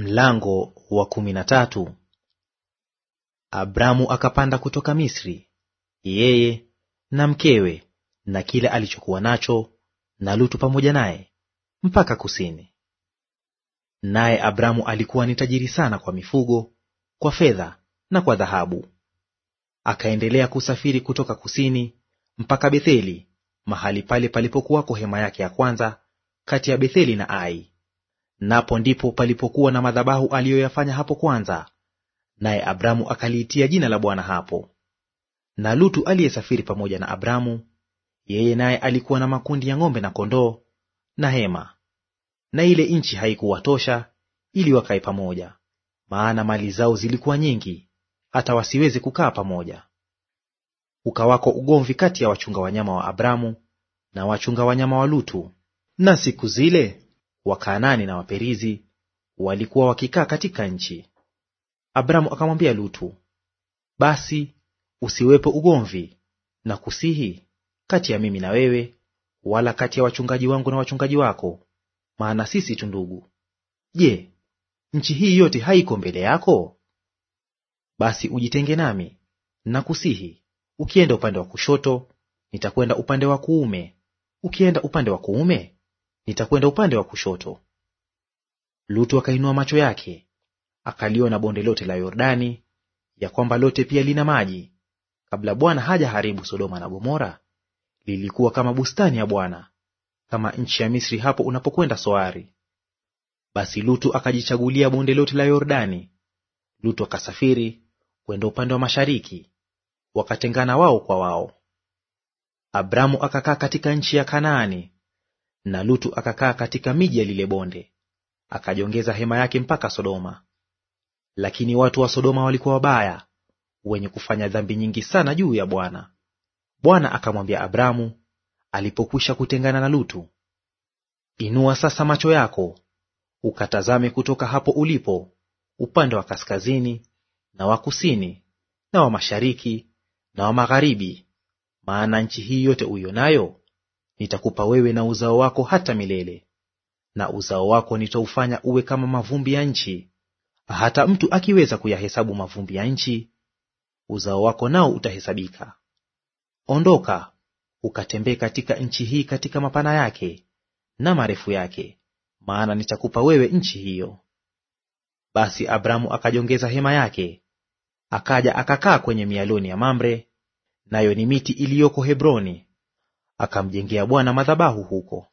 Mlango wa kumi na tatu. Abramu akapanda kutoka Misri, yeye na mkewe na kile alichokuwa nacho, na Lutu pamoja naye, mpaka kusini. Naye Abramu alikuwa ni tajiri sana kwa mifugo, kwa fedha na kwa dhahabu. Akaendelea kusafiri kutoka kusini mpaka Betheli, mahali pale palipokuwako hema yake ya kwanza kati ya Betheli na Ai. Napo ndipo palipokuwa na madhabahu aliyoyafanya hapo kwanza, naye Abramu akaliitia jina la Bwana hapo. Na Lutu aliyesafiri pamoja na Abramu, yeye naye alikuwa na makundi ya ng'ombe na kondoo na hema. Na ile nchi haikuwatosha ili wakae pamoja, maana mali zao zilikuwa nyingi, hata wasiweze kukaa pamoja. Ukawako ugomvi kati ya wachunga wanyama wa Abramu na wachunga wanyama wa Lutu. Na siku zile Wakanaani na Waperizi walikuwa wakikaa katika nchi. Abramu akamwambia Lutu, basi usiwepo ugomvi na kusihi kati ya mimi na wewe, wala kati ya wachungaji wangu na wachungaji wako, maana sisi tu ndugu. Je, nchi hii yote haiko mbele yako? Basi ujitenge nami na kusihi, ukienda upande wa kushoto nitakwenda upande wa kuume, ukienda upande wa kuume nitakwenda upande wa kushoto. Lutu akainua macho yake akaliona bonde lote la Yordani, ya kwamba lote pia lina maji, kabla Bwana haja haribu Sodoma na Gomora, lilikuwa kama bustani ya Bwana, kama nchi ya Misri hapo unapokwenda Soari. Basi Lutu akajichagulia bonde lote la Yordani. Lutu akasafiri kwenda upande wa mashariki, wakatengana wao kwa wao. Abramu akakaa katika nchi ya Kanaani na Lutu akakaa katika miji ya lile bonde, akajongeza hema yake mpaka Sodoma. Lakini watu wa Sodoma walikuwa wabaya, wenye kufanya dhambi nyingi sana juu ya Bwana. Bwana akamwambia Abramu alipokwisha kutengana na Lutu, Inua sasa macho yako ukatazame kutoka hapo ulipo upande wa kaskazini na wa kusini na wa mashariki na wa magharibi, maana nchi hii yote nayo nitakupa wewe na uzao wako hata milele, na uzao wako nitaufanya uwe kama mavumbi ya nchi, hata mtu akiweza kuyahesabu mavumbi ya nchi, uzao wako nao utahesabika. Ondoka ukatembee katika nchi hii katika mapana yake na marefu yake, maana nitakupa wewe nchi hiyo. Basi Abramu akajongeza hema yake, akaja akakaa kwenye mialoni ya Mamre, nayo ni miti iliyoko Hebroni akamjengea Bwana madhabahu huko.